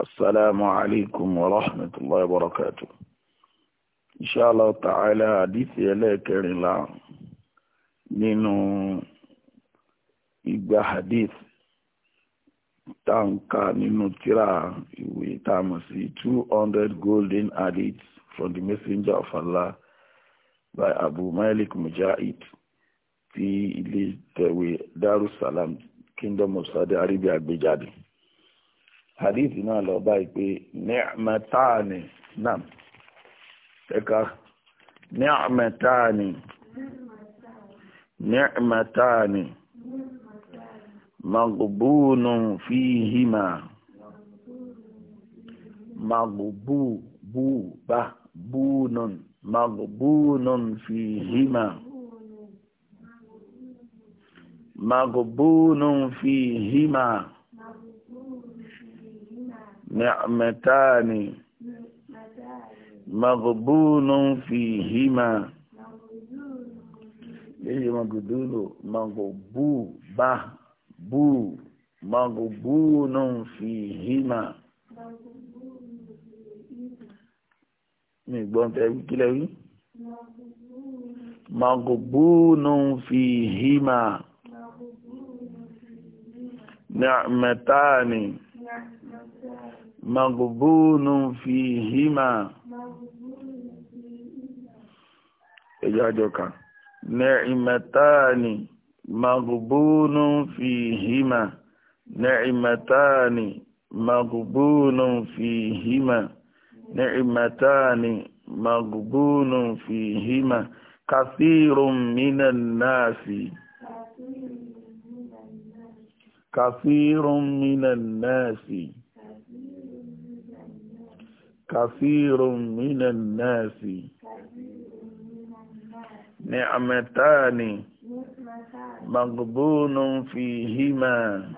السلام عليكم ورحمة الله وبركاته إن شاء الله تعالى حديث لك لا نينو إبا حديث tanka nínú ترى ìwé táàmù two hundred golden hadiths from the messenger of Allah by Abu Malik Mujahid ti ilé tẹ̀wé Darussalam Kingdom of Saudi Arabia gbé hadith náà lọ báyìí pé ni'matani náà ẹ̀ka ni'matani ni'matani magbúnun fíhìmá magbú bú bá búnun magbúnun fíhìmá magbúnun fíhìmá. نعمتان مغبون فيهما ليه مغدول مغبو با بو مغبون فيهما mi gbọ́n tẹ́ kílẹ̀ rí magbúnú fi hímà ní àmẹ́ta ni magbónú fi hímà ẹjọ́ àjọkà nẹ́ìmẹ̀táàni magbónú fi hímà nẹ́ìmẹ̀táàni magbónú fi hímà nẹ́ìmẹ̀táàni magbónú fi hímà kàfírùn mínàn náà sí kàfírùn mínàn كثير من الناس نعمتان مغبون فيهما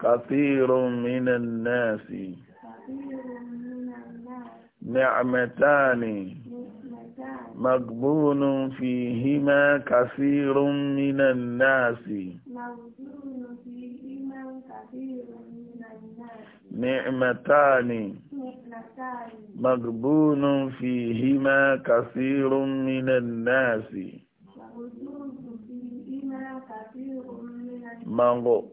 كثير من الناس نعمتان مغبون فيهما كثير من الناس مغبون فيهما كثير من نعمتان مغبون فيهما كثير من الناس مغبون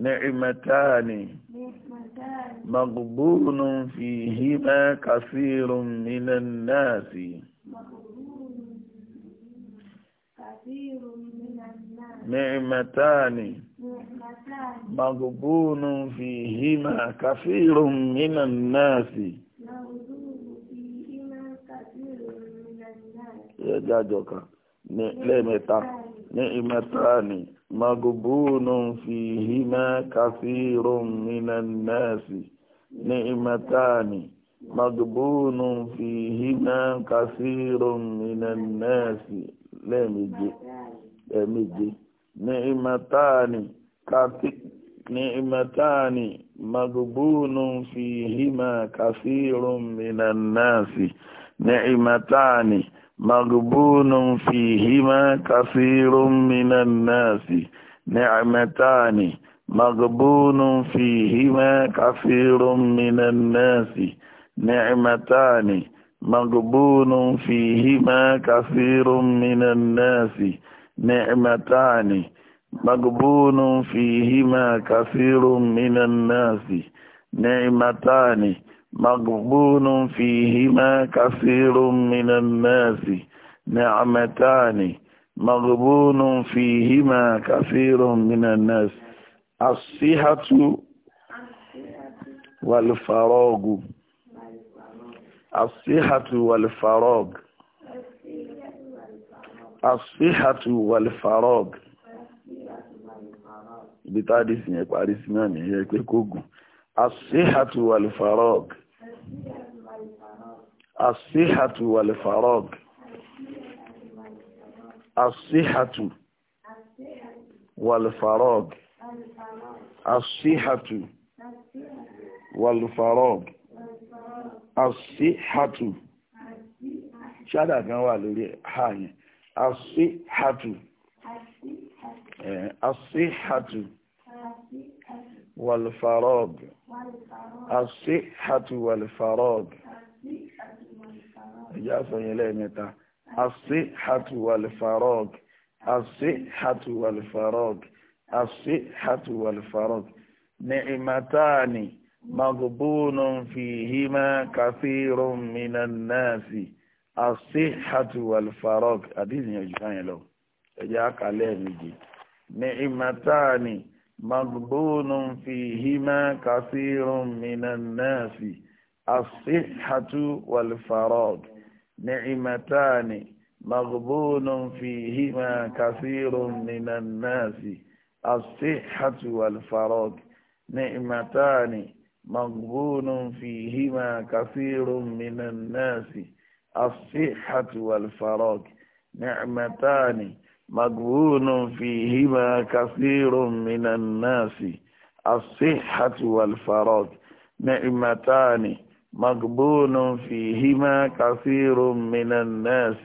نعمتان مغبون فيهما كثير من الناس Nìmẹ̀táàni. Màgùbúnù fi hímà kàfírù mínà náà sí. Ẹjá jọka lẹ́mẹ̀ta. Nìmẹ̀táàni. Màgùbúnù fi hímà kàfírù mínà náà sí. Nìmẹ̀táàni. مغبون فيهما كثير من الناس lẹ́ẹ̀méje ẹ̀ẹ̀méje ní ìmọ̀táàni kàtí ní ìmọ̀táàni magbónú fi hímà kàfírùn mìíràn náà sí ní ìmọ̀táàni magbónú fi hímà kàfírùn mìíràn náà sí ní ìmọ̀táàni magbónú fi hímà kàfírùn mìíràn náà ní ìmọ̀táàni. مغبون فيهما كثير من الناس نعمتان مغبون فيهما كثير من الناس نعمتان مغبون فيهما كثير من الناس نعمتان مغبون فيهما كثير من الناس الصحة والفراغ asíhàtù wàlfàrọ́g asíhàtù wàlfàrọ́g ibi táàdì sí yẹn parí sí náà nìyẹn pé kó Asihatu asíhàtù wàlfàrọ́g asíhàtù wàlfàrọ́g asíhàtù Asihatu asíhàtù wàlfàrọ́g àṣíhàtù ṣádà kan wà lórí ha yẹn àṣíhàtù àṣíhàtù والفراغ الصحة والفراغ جاسو يلمتا الصحة والفراغ الصحة والفراغ الصحة والفراغ نعمتان مغبون فيهما كثير من الناس الصحة والفراغ أديني يجبان له أجاك عليه نعمتان مغبون فيهما كثير من الناس الصحة والفراغ نعمتان مغبون فيهما كثير من الناس الصحة والفراغ نعمتان مغبون فيهما كثير من الناس الصحة والفراغ نعمتان مغبون فيهما كثير من الناس الصحة والفراغ نعمتان مغبون فيهما كثير من الناس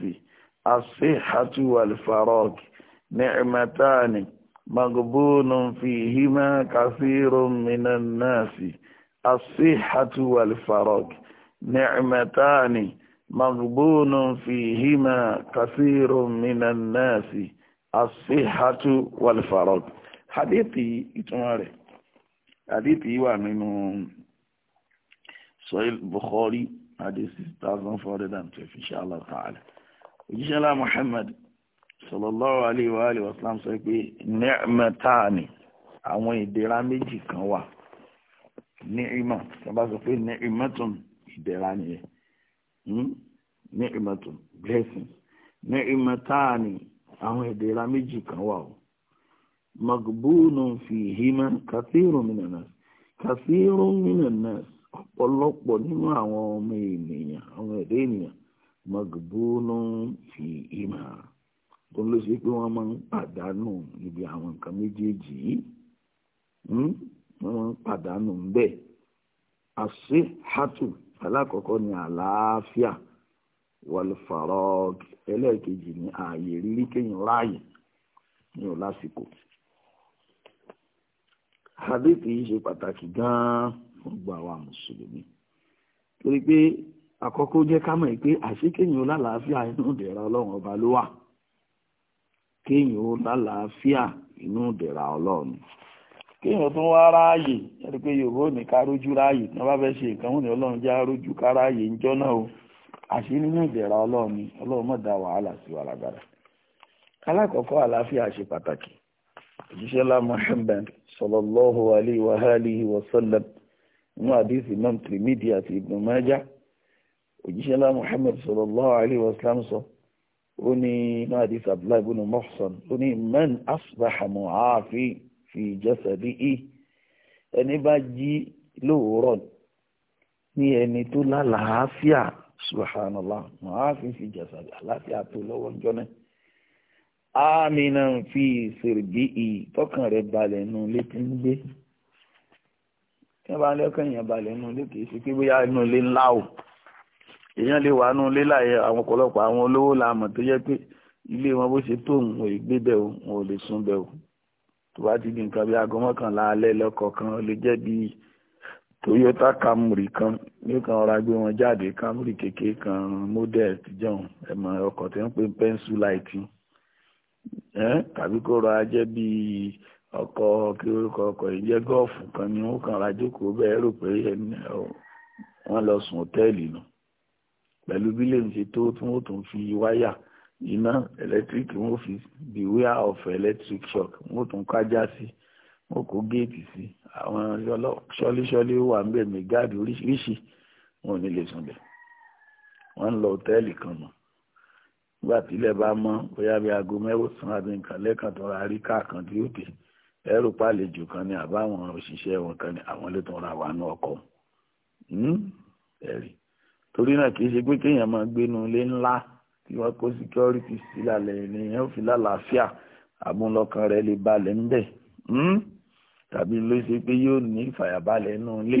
الصحة والفراغ نعمتان مغبون فيهما كثير من الناس asíhàtú wàlfàrọ́g nìcmẹ́tàní magbónú fìhímà kásírò mìíràn náà sí asíhàtú wàlfàrọ́g. hadithi ìtumọ̀ rẹ̀ hadithi wà nínú sọ́yìn bukhari hadith six thousand four hundred and twelve inshallah ta'ala òjíṣẹ́ lá muhammad sallallahu alayhi wa alihi wa sallam sọ pé nìcmẹ́tàní àwọn ìdẹ̀ra méjì kan wà. ni'ima tó bá sọ pé ni'imatun ìdẹ̀ra nìyẹn hmm? ni'imatun blessing ni'imatani àwọn ìdẹ̀ra méjì kan wà o magbunun fihima kathirun minan nas kathirun minan ọ̀pọ̀lọpọ̀ nínú àwọn ọmọ ènìyàn àwọn ẹ̀dẹ́ ènìyàn magbunun fihima tó ló ṣe pé wọ́n máa ń pàdánù níbi àwọn nǹkan méjèèjì yìí. Hmm? wọ́n pàdánù ń bẹ̀ àṣì hátù alákọ̀ọ́kọ́ ni àlàáfíà wàlúfàrọ́ọ̀gì ẹlẹ́ẹ̀kejì ni ààyè rírí kéèyàn ráàyè ní ò lásìkò hadith yìí ṣe pàtàkì gan-an fún gbogbo àwa mùsùlùmí torí pé àkọ́kọ́ jẹ́ ká mọ̀ pé àṣé kéèyàn lálàáfíà inú ìdẹ̀ra ọlọ́run ọba ló wà kéèyàn lálàáfíà inú ìdẹ̀ra ọlọ́run kéèyàn tó wá ráàyè ẹni pé yorùbá ò ní ká rójú ráàyè tí wọ́n bá fẹ́ ṣe nǹkan wọn ni ọlọ́run já rójú ká ráàyè ńjọ́ náà o àṣé nínú ìdẹ̀ra ọlọ́run ni ọlọ́run mọ̀ dá wàhálà sí wa lágbára. alákọ̀ọ́kọ́ àlàáfíà ṣe pàtàkì òjíṣẹ́ lá Muhammad sallallahu alayhi wa alihi wa sallam inú àdìsí imam Tirmidhi àti Ibn Majah òjíṣẹ́ lá Muhammad sallallahu alayhi wa sallam sọ ó ní inú àdìsí Abdullahi ibn Muhsan ó ní man asbaha mu'afi fi jasadi i ẹni bá jí lóòrọ̀ ní ẹni tó lálàáfíà subhanallah màá fi fi jasadi àlàáfíà tó lọ́wọ́ ń jọ́nà àmìnà fi sèrèbí i tọkàn rẹ̀ balẹ̀ nù létí ń gbé tí wọ́n bá lẹ́kàn èèyàn balẹ̀ nù lé kìí ṣe pé bóyá inú ilé ńlá o èèyàn lè wà nù ilé àwọn ọ̀pọ̀lọpọ̀ àwọn olówó la mọ̀ tó yẹ pé ilé wọn bó ṣe tó òun ò gbé bẹ́ẹ̀ o wọn ò lè sùn bẹ́ẹ̀ o tó bá ti di nǹkan bí aago mọ́kànlá alẹ́ lọ́kọ̀ ó lè jẹ́ bí Toyota Camry kan yóò kan ọ̀rá gbé wọn jáde Camry kékeré kan model tíjọ́n ẹ̀mọ ọkọ̀ tí wọ́n pè pencil light tàbí kó rọra jẹ́ bí ọkọ̀ kí orúkọ ọkọ̀ yìí jẹ́ gọ́ọ̀fù kan ni wọ́n kan ra jókòó bẹ́ẹ̀ rò pé wọ́n lọ sùn hòtẹ́ẹ̀lì nù pẹ̀lú bí lèmi ṣe tó tí wọ́n tún fi wáyà iná electric wọ́n fi beware of electric shock Mo tún kájá sí mo kó géètì sí àwọn ṣọ́líṣọ́lí wà ń bẹ̀ mẹ́gáàdì oríṣiríṣi wọn ò ní lè sunlẹ̀ wọ́n ń lọ hòtẹ́ẹ̀lì kan mọ́ nígbà tílẹ̀ bá mọ́ bóyá bí aago mẹ́wòsàn àbí nǹkan lẹ́kàn tó ra rí káà kan tí ó tè ẹrù pàlejò kan ni àbáwọn òṣìṣẹ́ wọn kan ni àwọn ló tún ra wà ní ọkọ̀ hmm? ẹ̀rí torí náà kì í ṣe pé kéèyàn máa gbénu ilé ńlá tí wọ́n kó security sílẹ̀ lẹ́yìn ó fi lálàáfíà àmúlọ́kàn rẹ̀ lè balẹ̀ ń bẹ̀ hmm? tàbí ló ṣe pé yóò ní ìfàyàbalẹ̀ inú ilé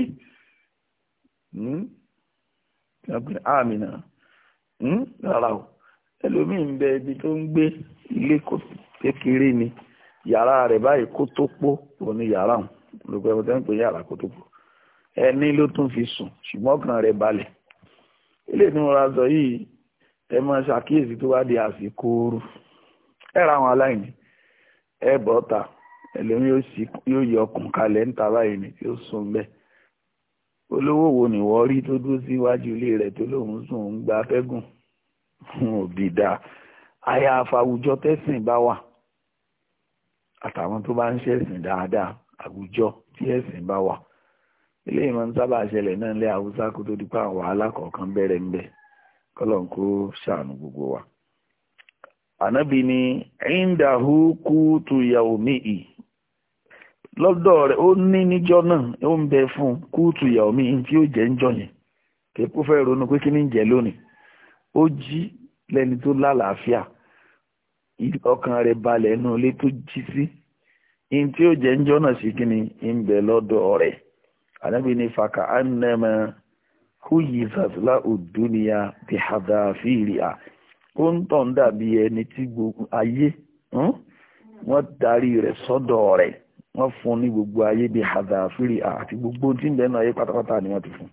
àmì hmm? náà hmm? rárá o ẹlòmíì ń bẹ ibi tó ń gbé ilé kékeré ni yàrá rẹ̀ báyìí kó tó pọ̀ òní yàrá òun lóko ẹ̀wọ̀n tẹ́ ń pè yàrá kó tó pọ̀ ẹni ló tún fi sùn ṣùgbọ́n ọkàn rẹ̀ balẹ̀ ilé tí sọ yìí ẹ máa ṣàkíyèsí tó bá di àsìkò ooru ẹ ra àwọn aláìní ẹ bọ́ ta ẹlẹ́mi yóò yọ ọkùn kalẹ̀ ń ta báyìí ni tí ó sùn bẹ́ẹ̀ olówó wo ni wọ́n rí tó dúró síwájú ilé rẹ̀ tó lóun sùn ń gba afẹ́gùn òbí aya àfàwùjọ tẹ́sìn bá wà àtàwọn tó bá ń ṣẹ̀sìn dáadáa àwùjọ tí ẹ̀sìn bá wà ilé ìmọ̀ ń sábà ṣẹlẹ̀ náà lé haúsá kó tó di pa àwọn alákọ̀ọ́kan bẹ̀rẹ̀ ń bẹ̀ kọ́lọ̀ kó ṣàánú gbogbo wa ànábì ni ìndàhú kú tu yàwó mi ì lọ́dọ̀ rẹ̀ ó ní níjọ́ náà ó ń bẹ fún kú tu yàwó mi tí ó jẹ níjọ́ yẹn kéèkó fẹ́ ronú pé kí ni jẹ lónìí ó jí tó lálàáfíà ọkàn rẹ balẹ̀ inú ilé tó jí sí ì tí ó náà sí kí ni ń bẹ lọ́dọ̀ rẹ̀ ànábì kúyìzàt láòdúnìyà ti hàdáfíìrìà ó ń tàn dàbí ẹni tí gbogbo ayé hmm? wọ́n darí rẹ̀ sọ́dọ̀ rẹ̀ wọ́n fún ní gbogbo ayé bíi hàdáfíìrìà àti gbogbo tí ń bẹ́ẹ̀ náà ayé pátápátá ni wọ́n ti fún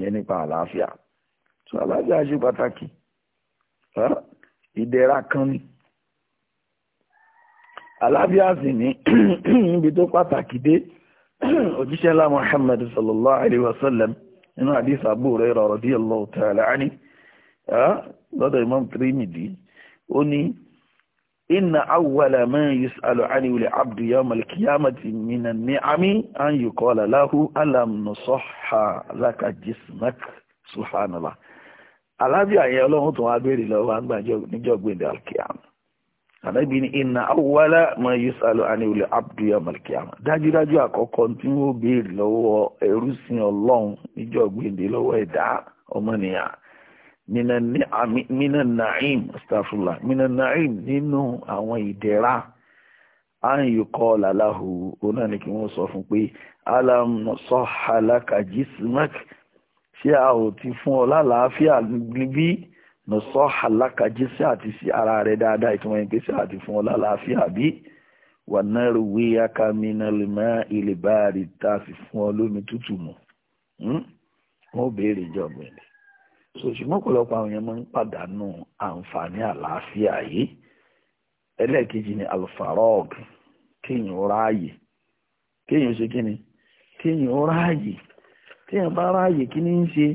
yẹn nípa àlàáfíà tó àlàáfíà ṣe pàtàkì ìdẹ̀ra kan ni àlàáfíà sì ní ibi tó pàtàkì dé òjíṣẹ́ ńlá Muhammad sallallahu alayhi wa sallam nínú àdìsí Abu Hurairah radiyallahu ta'ala anhu lọ́dọ̀ Imam Tirmidhi ó ní inna awwala ma yus'alu anhu al-'abdu yawma al-qiyamati min an-ni'ami an yuqala lahu alam nusahha laka jismak subhanallah alábíà yẹn ọlọ́run tó wá béèrè lọ́wọ́ àgbàjọ níjọ́gbìn al-qiyamah ànábì ní iná awọ́lá máa yí sálọ àníwìlẹ̀ abdu yamal kiyama dájúdájú àkọ́kọ́ tí wọ́n béèrè lọ́wọ́ ẹrú sin ọlọ́run níjọ́ gbèǹde lọ́wọ́ ẹ̀dá ọmọnìyàn mina na'im astafula mina na'im nínú àwọn ìdẹ̀ra àyùkọ́ làláhù ọ̀nà ni kí wọ́n sọ fún pé alam sọ́hálàkà ṣé a ò ti fún ọ lálàáfíà níbí nùsọ́ àlákàjí sí àti sí ara rẹ̀ dáadáa ìtumọ̀ yẹn pé sí àti fún ọlá láàfíà bí wà náà rò wí akamínà lè má ilé báàrí tá a fi fún ọ lómi tútù mu hmm? wọn ò béèrè ìjọ ọ̀gbìnrin so ṣùgbọ́n ọ̀pọ̀lọpọ̀ àwọn yẹn máa ń pàdánù àǹfààní àlàáfíà yìí ẹlẹ́ẹ̀kejì ni alfarog kéèyàn ráàyè kéèyàn ṣe kíni kéèyàn ráàyè kéèyàn bá ráàyè kí ni ń ṣe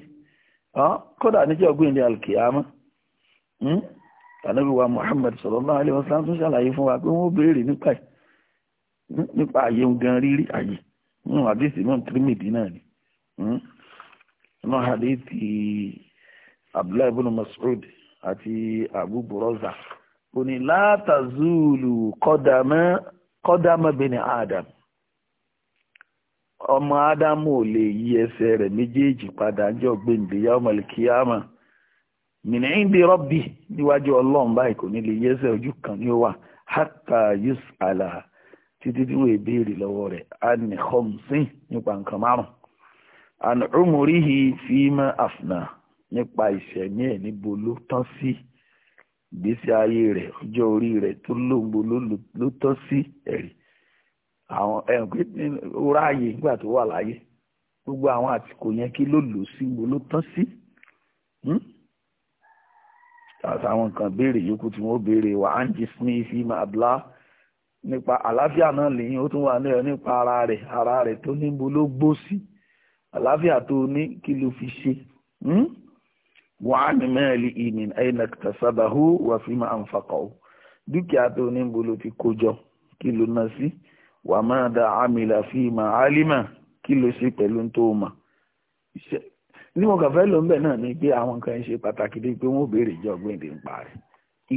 kódà níjọ́ ọ̀gbìnrin alkiyama Hmm? tànàbí wa Muhammad sallallahu alaihi wasallam tún ṣàlàyé fún wa pé wọ́n béèrè nípa ẹ̀ hmm? nípa àyè gan rírí àyè nínú àdéhìí náà tírímìdì náà ni hmm? nínú àdéhìí Abdullahi ibn Mas'ud àti Abu Buraza ó ní látàzúlù Adam ọmọ Adam ò lè yí ẹsẹ̀ rẹ̀ méjèèjì padà jọ mìnìyàn bí rọ́bì níwájú ọlọ́run báyìí kò ní lè yẹ́sẹ̀ ojú kan ní ó wà hata yus ala títí tí wọ́n béèrè lọ́wọ́ rẹ̀ ani khomsin nípa nǹkan márùn an umurihi fima afna nípa ìṣẹ̀mí ẹ̀ níbo ló tán sí ìgbésí ayé rẹ̀ ọjọ́ orí rẹ̀ tó lóńgbò ló tán sí ẹ̀rí àwọn ẹ̀ǹpẹ́ ráàyè nígbà tó wà láyé gbogbo àwọn àtìkò yẹn kí ló lò sí gbogbo ló tán sí. Hmm? àtàwọn nǹkan béèrè yòókù tí wọ́n béèrè wà á ń jí smith ima abla nípa àlàáfíà náà lẹ́yìn ó tún wà náà nípa ara rẹ̀ ara rẹ̀ tó níbo ló gbó sí àlàáfíà tó ní kí ló fi ṣe hmm? wà á ní mẹ́rin ìmìn ẹ̀yìn tàṣàbàhù wà fi máa ń fakọ̀ dúkìá tó níbo ló ti kó jọ kí ló ná sí wà máa da àmìlà fi máa álímà kí ló ṣe pẹ̀lú tó mọ̀ tí mo kàn fẹ́ lò ń bẹ̀ náà ni pé àwọn nǹkan ṣe pàtàkì dé pé wọ́n béèrè ìjọ gbèǹde ń parí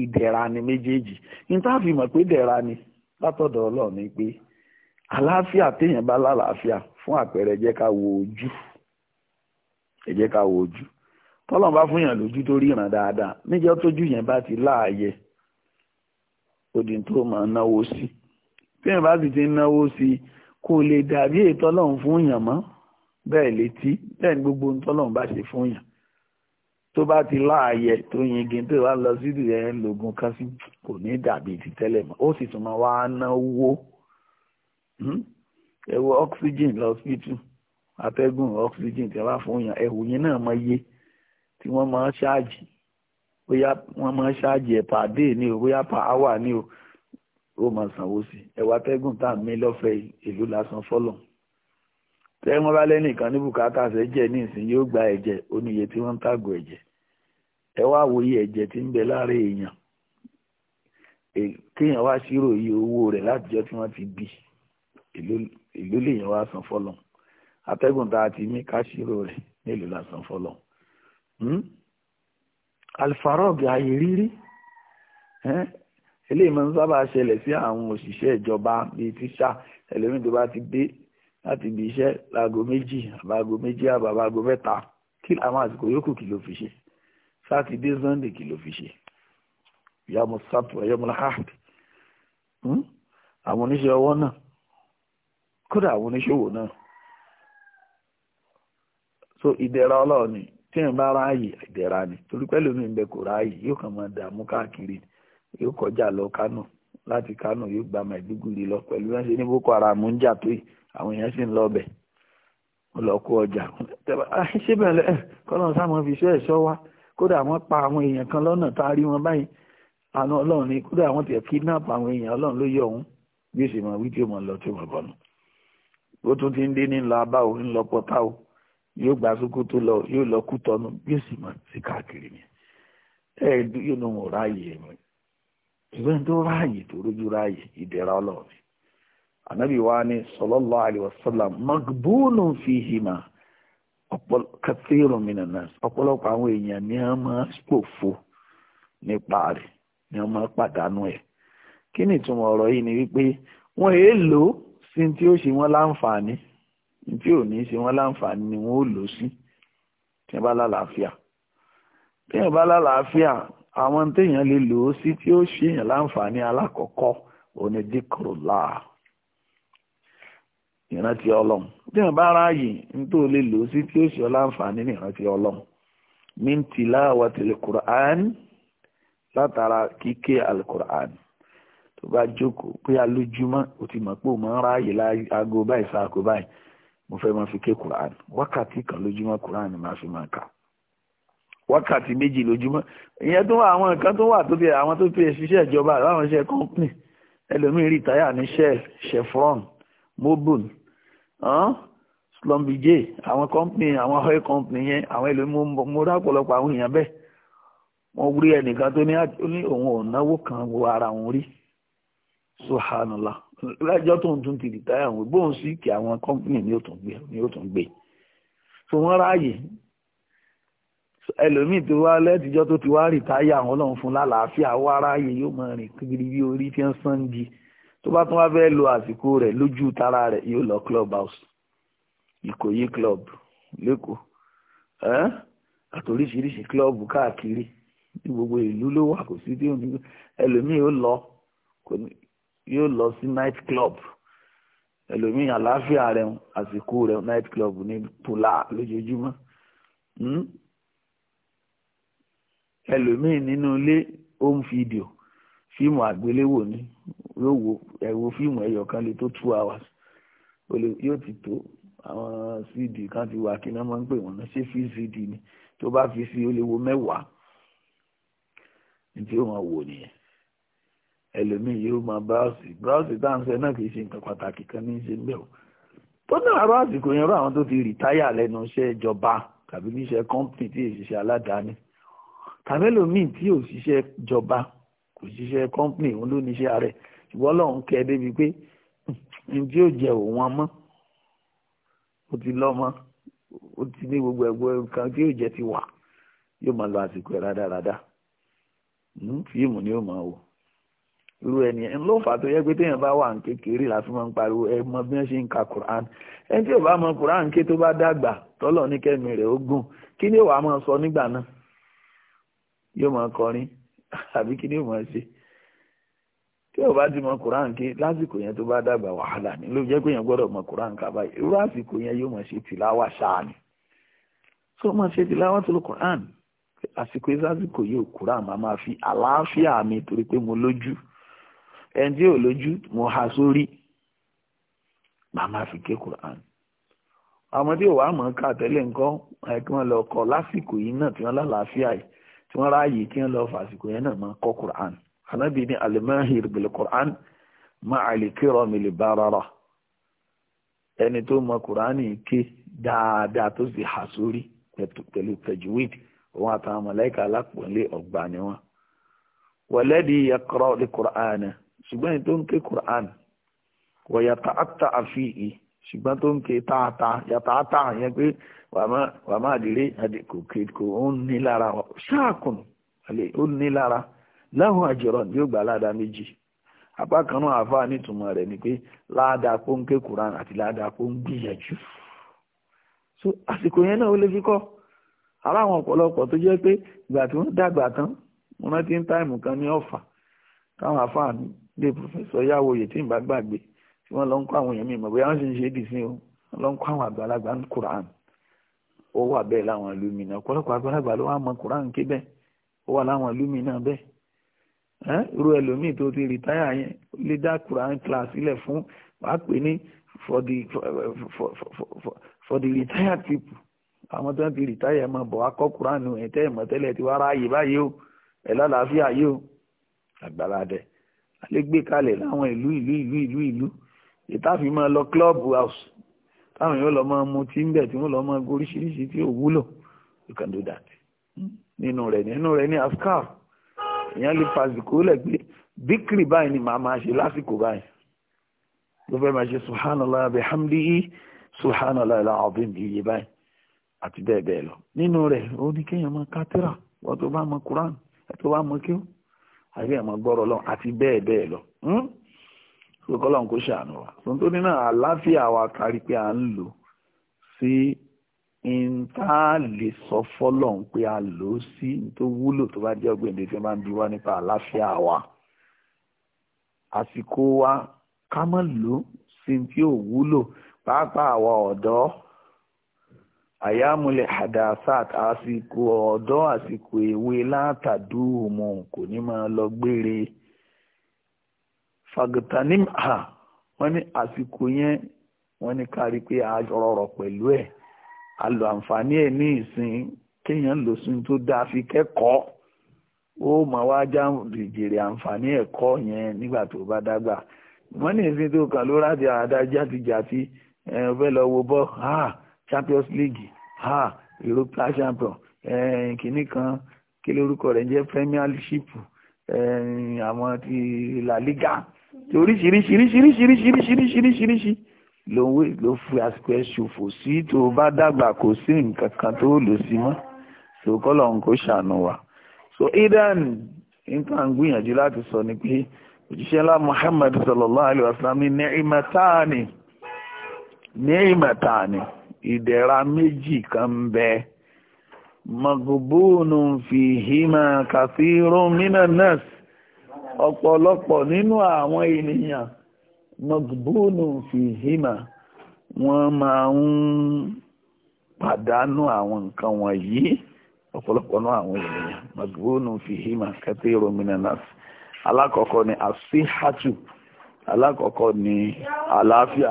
ìdẹ̀ra ni méjèèjì níta fi mọ̀ pé dẹ̀ra ni látọ̀dọ̀ ọlọ́run ni pé àlàáfíà téèyàn bá lálàáfíà fún àpẹẹrẹ ẹ jẹ́ ká wo ojú ẹ jẹ́ ká wo ojú tọ́lọ́n bá fún lójú tó ríran dáadáa níjọ́ tójú yẹn bá ti láàyè odi tó máa náwó sí téèyàn bá sì ti náwó sí kò lè dàbí ètò ọlọ́run fún mọ́ bẹ́ẹ̀ létí bẹ́ẹ̀ ni gbogbo ohun tọ́lọ́run bá ṣe fún yàn tó bá ti láàyè tó yege tó wá lọ sí ìdílé ẹ̀ lògùn kan sí kò ní dàbí ti tẹ́lẹ̀ mọ́ ó sì tún máa wá náwó hmm? ẹ wo oxygen lọ́sítù atẹ́gùn oxygen tí wọ́n bá fún yàn ẹ̀wù yẹn náà máa yé tí wọ́n máa ṣáàjì bóyá wọ́n máa ṣáàjì ẹ̀ per day ni o bóyá per hour ni o ó máa sanwó sí ẹ̀wù atẹ́gùn tá à mí lọ́fẹ̀ẹ́ èlò lásán fọ́lọ́n tẹ́ wọ́n bá lẹ́nìkan ní bùkátà sẹ́jẹ̀ ní ìsìn yóò gba ẹ̀jẹ̀ oníye tí wọ́n ń tàgò ẹ̀jẹ̀ ẹ wá wòye ẹ̀jẹ̀ tí ń bẹ láàárín èèyàn kéèyàn wá ṣírò iye owó rẹ̀ látijọ́ tí wọ́n ti bí ìlú lèèyàn wá san fọ́lọ́n atẹ́gùn tá a ti mí ká ṣírò rẹ̀ nílùú la san fọ́lọ́n hmm? alfarọ́ọ̀gì ayé rírí eléyìí máa ń sábà ṣẹlẹ̀ sí àwọn òṣìṣẹ́ ìjọba bíi tíṣà ẹlòmíì bá ti dé láti ibi iṣẹ́ láago méjì àbáago méjì àbáago mẹ́ta kí àwọn àsìkò yòókù fi ṣe sátidé sunday kí fi ṣe ìyàmú sápò ẹ̀yọ́mú lahad àwọn oníṣẹ́ ọwọ́ náà kódà àwọn so ìdẹ̀ra ọlọ́run ni tí ẹ̀ bá ráàyè ni torí pẹ́lú mi bẹ kò ráàyè yóò kàn máa dààmú káàkiri yóò kọjá lọ kánò láti kánò yóò gba lọ pẹ̀lú ẹ̀ ṣe ní boko haram ń jà àwọn èèyàn sì ń lọ bẹ̀ wọ́n lọ kó ọjà ah, ṣé bẹ̀rẹ̀ eh, kọ́lọ́n sáà wọ́n fi iṣẹ́ ẹ̀ṣọ́ wá kódà wọ́n pa àwọn èèyàn kan lọ́nà tá a rí wọn báyìí àánú ọlọ́run ni kódà wọ́n ti kidnap àwọn èèyàn ọlọ́run ló yọ òun bí ó sì mọ wí tí ó mọ lọ tí ó mọ bọ̀nù ó tún ti ń dé ní ńlọ abá o ńlọ pọtá o yóò gba sókó tó lọ yóò lọ kú tọnu bí ó sì mọ sí káàkiri ni ẹ ẹ dúró nù ráàyè mi ṣùgbọ́n tó ráàyè tó rójú ráàyè ìdẹ̀ra ànábì wa ni sallallahu alayhi wa sallam magbónù fihima kathirun minan nas ọ̀pọ̀lọpọ̀ àwọn èèyàn ni wọ́n máa pòfo nípa rẹ̀ ni wọ́n máa pàdánù ẹ̀ kí ni ìtumọ̀ ọ̀rọ̀ yìí ni wípé wọ́n èé lò ó sí tí ó ṣe wọ́n láǹfààní tí ò ní ṣe wọ́n láǹfààní ni wọ́n ó lò sí tí wọ́n bá lálàáfíà tí wọ́n bá lálàáfíà àwọn téèyàn lè lò ó sí tí ó ṣe èèyàn láǹfààní alákọ̀ọ́kọ́ òní dhikrullah ìrántí ọlọ́run tí wọ́n bá ráàyè nítorí o lè lò ó sí tí ó ṣe ọ́ ní ìrántí ọlọ́run min tilawatil Qur'an látara kíké al-Qur'an tó bá jókòó pé alójúmọ́ o ti mọ̀ pé o máa ń ráàyè láago báyìí sáàkó báyìí mo fẹ́ máa fi ké Qur'an wákàtí kan lójúmọ́ Qur'an ni màá fi máa kà wákàtí méjì lójúmọ́ ìyẹn tó wà àwọn nǹkan tó wà tó fi àwọn tó fi ṣiṣẹ́ ìjọba àwọn iṣẹ́ company ẹlòmíì rìtáyà ní shell chevron mobil slumbige àwọn company àwọn oil company yẹn àwọn ẹlòmíín mo rá ọ̀pọ̀lọpọ̀ àwọn èèyàn bẹ́ẹ̀ wọ́n rí ẹnìkan tó ní òun ò náwó kan wo ara òun rí subhanallah lájọ́ tó ń tún ti rìtáyà wọn bóun sì kí àwọn company ni ó tún gbé ni ó tún gbé so wọ́n ráàyè ẹlòmíì tó wá lẹ́tìjọ́ tó ti wá rìtáyà wọn lọ́n fún lálàáfíà wọ́n ráàyè yóò máa rìn kiri bí orí tí wọ́n sàn bíi tó bá tún wá fẹ́ lo àsìkò rẹ̀ lójú tara rẹ̀ yóò lọ club house ìkòyí club lẹ́kọ̀ọ́ àtòríṣiríṣi club káàkiri ní gbogbo ìlú ló wà kò sí tí ó ní ẹlòmíì yóò lọ yóò lọ sí night club ẹlòmíì àlàáfíà rẹ̀ àsìkò rẹ̀ night club ní pula lójoojúmọ́ hmm? ẹlòmíì nínú ilé home video fíìmù àgbéléwò ni yóò wo ẹ̀wò fíìmù ẹ̀yọ̀ kan lè tó two hours yóò ti tó àwọn cd kan ti wà kí náà máa ń pè wọ́n náà ṣé fi cd ni tó bá fi sí ó lè wo mẹ́wàá ní tí ó máa wò nìyẹn ẹlòmíì yóò máa bíráùsì bíráùsì tá à ń sẹ náà kì í ṣe nǹkan pàtàkì kan ní í ṣe ń bẹ̀ o tó ní àárọ̀ àsìkò yẹn rọ àwọn tó ti rìtáyà lẹ́nu iṣẹ́ ìjọba tàbí níṣẹ́ kọ́ńpì tí èṣìṣẹ́ aládàáni tàbí ẹlòmíì tí òṣìṣẹ́ ìjọba òṣìṣẹ́ kọ́ńpì òun ló níṣẹ́ rẹ̀ ṣùgbọ́n lọ́hùn kẹ́ ẹ débi pé ǹjẹ́ ò jẹ òun ọmọ ó ti lọ́mọ ó ti ní gbogbo ẹ̀gbọ́n nǹkan tí ò jẹ ti wà yóò máa lọ àsìkò ẹ̀ rádaràda hmm? fíìmù ni yóò máa wò irú ẹni ẹ̀ ló fà tó yẹ pé téèyàn bá wà ní kékeré láti máa ń pariwo ẹ mọ bí wọ́n ṣe ń ka Quran ẹ tí ò bá mọ Quran ké tó bá dàgbà tọ́lọ̀ ní kẹ́mi rẹ̀ ó gùn kí ni wàá máa sọ nígbà náà yóò máa kọrin àbí kí ni yóò máa ṣe tí o bá ti mọ koran ké lásìkò yẹn tó bá dàgbà wàhálà ni ló jẹ́ pé yẹn gbọ́dọ̀ mọ koran ká báyìí irú àsìkò yẹn yóò mọ̀ ṣe tìláwà ṣáà ni tó mọ̀ ṣe tìláwà tó lo koran àsìkò ìsásìkò yóò koran máa máa fi àlàáfíà mi torí pé mo lójú ẹni tí ò lójú mo ha sórí máa máa fi ké koran àwọn tí ò wá mọ̀ ká tẹ́lẹ̀ nǹkan kí wọ́n lọ kọ́ lásìkò yìí náà tí wọ́n lálàáfíà yìí tí wọ́n ráàyè kí wọ́n lọ fàsìkò yẹn náà máa kọ́ koran anábì ní alimahir bil quran máa lè kírọ mi lè bárara ẹni tó mọ kùránì ké dáadáa tó sì hà sórí pẹ̀lú tajwid òun àtàwọn mọ̀lẹ́kà alápòǹlé ọ̀gbà ni wọn. wọ̀lẹ́dì yaqra'u lè kùránì ṣùgbọ́n ẹni tó ń ké kùránì wọ̀ yàtà àtà àfihì ṣùgbọ́n tó ń ké tààtà yàtà àtà yẹn pé wàá má àdìrí kò ń ní lára ṣáàkùn ó ní lára láhùn àjọrọ̀ yóò gbà ládàá méjì apá kan náà nítumọ̀ rẹ̀ ni pé ládàá pó ń ké Quran àti ládàá pó ń gbìyànjú so àsìkò yẹn náà ó lè fi kọ́ ara àwọn ọ̀pọ̀lọpọ̀ tó jẹ́ pé ìgbà tí wọ́n dàgbà tán wọ́n rántí ń táìmù kan ní ọ̀fà táwọn àfáà lè pòfẹ́sọ̀ yáwó oyè tí ń bá gbàgbé tí wọ́n lọ ń kọ́ àwọn èèyàn mímọ̀ bóyá wọ́n sì ń ṣe é dì sí o wọ́n lọ ń kọ́ àwọn àgbàlagbà ní Quran ó wà bẹ́ẹ̀ láwọn ìlú mi náà ọ̀pọ̀lọpọ̀ àgbàlagbà ló wà mọ Quran ké ó wà láwọn ìlú mi náà bẹ́ẹ̀ irú ẹlòmíì tó ti rìtáyà yẹn lè dá Quran class sílẹ̀ fún wàá pè ní for the for for for for the retired people àwọn tó ń ti rìtáyà máa bọ̀ wá kọ́ Quran ẹ̀ tẹ́ ìmọ̀ tẹ́lẹ̀ ti wá ráàyè báyìí o ẹ̀ lálàáfíà yìí o àgbàládẹ alégbé kalẹ̀ láwọn ìlú ìlú ìlú ìlú ìlú ìtàfi máa lọ club house táwọn yóò lọ máa mu tí ń bẹ̀ tí wọ́n lọ máa goríṣiríṣi tí ò wúlò you can do that hmm? nínú rẹ̀ nínú rẹ̀ ní afkar èèyàn lè fàsìkò lẹ̀ pé bíkìrì báyìí ni màá máa ṣe lásìkò báyìí ló máa ṣe subhanallah bihamdihi subhanallah alazim iye báyìí àti bẹ́ẹ̀ bẹ́ẹ̀ lọ nínú rẹ̀ ó ní kéèyàn máa ka tírà wọ́n tó bá mọ Quran tó bá mọ kí ó àbí ẹ̀ mọ gbọ́rọ̀ lọ àti bẹ́ẹ̀ bẹ́ẹ̀ lọ hmm? ṣàánú wa tó ń tó nínú wa kárí pé à ń n ta le sọ fọ́lọ́run pé a lò ó sí tó wúlò tó bá jẹ́ ọgbẹ̀ǹde tí ń wá nípa wa àsìkò wa ká mọ̀ lò sí tí ò wúlò pàápàá àwa ọ̀dọ́ àyàmúlẹ̀ hadasat àsìkò ọ̀dọ́ àsìkò èwe látàdúhùmù kò ní máa lọ gbére fagitanim ha wọ́n ní àsìkò yẹn wọ́n ní ká rí pé a rọrọ̀ pẹ̀lú ẹ̀ a lo àǹfààní ẹ̀ ní ìsìn kéèyàn lò sí tó dáa fi kẹ́kọ̀ọ́ ó máa wá já jèrè àǹfààní ẹ̀kọ́ yẹn nígbà tó bá dágbà wọ́n ní ìsìn tó kàn ló rádi àdájá ti jà tí ẹ fẹ́ lọ wo bọ́ ha Champions League ha Europa champion kìíní kan kí lórúkọ rẹ̀ jẹ́ Premiership àwọn ti La Liga ti lòun ló fi àsìkò ẹ̀ ṣòfò sí tó bá dàgbà kò sí nǹkan kan tó lò sí mọ́ so kọ́lọ́hún kò ṣàánú wa so idan nǹkan gbìyànjú láti sọ ni pé òjíṣẹ́ ńlá Muhammad sallallahu alayhi wa sallam ní ni'matani ni'matani ìdẹ̀ra méjì kan ń bẹ magbónú fi hímà kathirun minan nas ọ̀pọ̀lọpọ̀ nínú àwọn ènìyàn mọ̀gbónù fìhímà wọ́n máa ń pàdánù àwọn nǹkan wọ̀nyí ọ̀pọ̀lọpọ̀ náà àwọn ènìyàn mọ̀gbónù fìhímà kẹtẹ́ rominanas alákọ̀ọ́kọ́ ni asíhàtù alákọ̀ọ́kọ́ ni àlàáfíà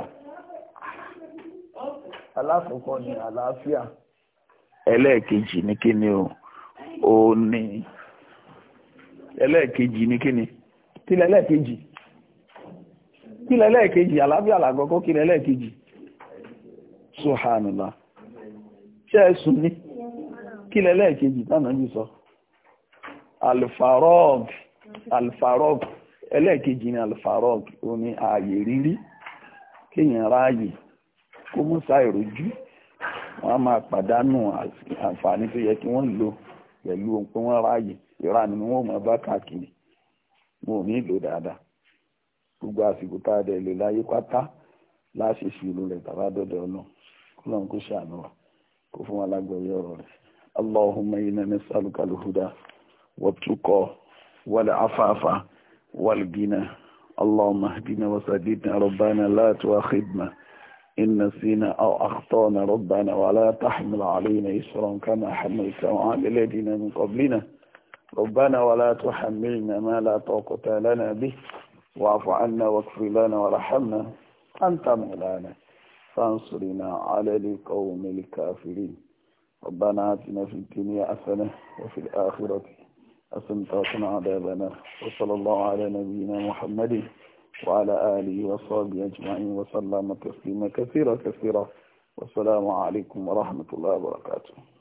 alákọ̀ọ́kọ́ ni àlàáfíà ẹlẹ́ẹ̀kejì ni o ní ẹlẹ́ẹ̀kejì ni kílẹ̀ lẹ́ẹ̀kejì àlábíà làgọ́kọ́ kílẹ̀ lẹ́ẹ̀kejì ṣùhánùlá ṣe ẹ̀sùn ní kílẹ̀ lẹ́ẹ̀kejì tánà jù sọ alfarog alfarog ẹlẹ́ẹ̀kejì ni alfarog ó ní ààyè rírí kéèyàn ráàyè kó mú ṣàìrójú wọ́n á máa pàdánù àǹfààní tó yẹ kí wọ́n lò pẹ̀lú ohun pé wọ́n ráàyè ìrà ni bá káàkiri wọn ò ní lò dáadáa gbogbo àsìkò tá a dẹ̀ lò láyé pátá láṣìṣì ìlú rẹ̀ tàbá dọ̀dọ̀ ọlọ́run kúlọ̀ kó ṣàánú wa kó fún wa lágbọ̀ọ́yé ọ̀rọ̀ rẹ̀ allahumma inna nas'aluka al-huda wat-tuqa wal-afafa wal-ghina allahumma ihdina wa saddidna rabbana la tu'akhidna إن نسينا أو أخطأنا ربنا ولا تحمل علينا إسرا كما حملت على الذين من قبلنا ربنا ولا تحملنا ما لا طاقة لنا به واعف عنا واغفر لنا وارحمنا أنت مولانا فانصرنا على القوم الكافرين ربنا آتنا في الدنيا حسنة وفي الآخرة حسنة وقنا عذابنا وصلى الله على نبينا محمد وعلى آله وصحبه أجمعين وسلم تسليما كثيرا كثيرا والسلام عليكم ورحمة الله وبركاته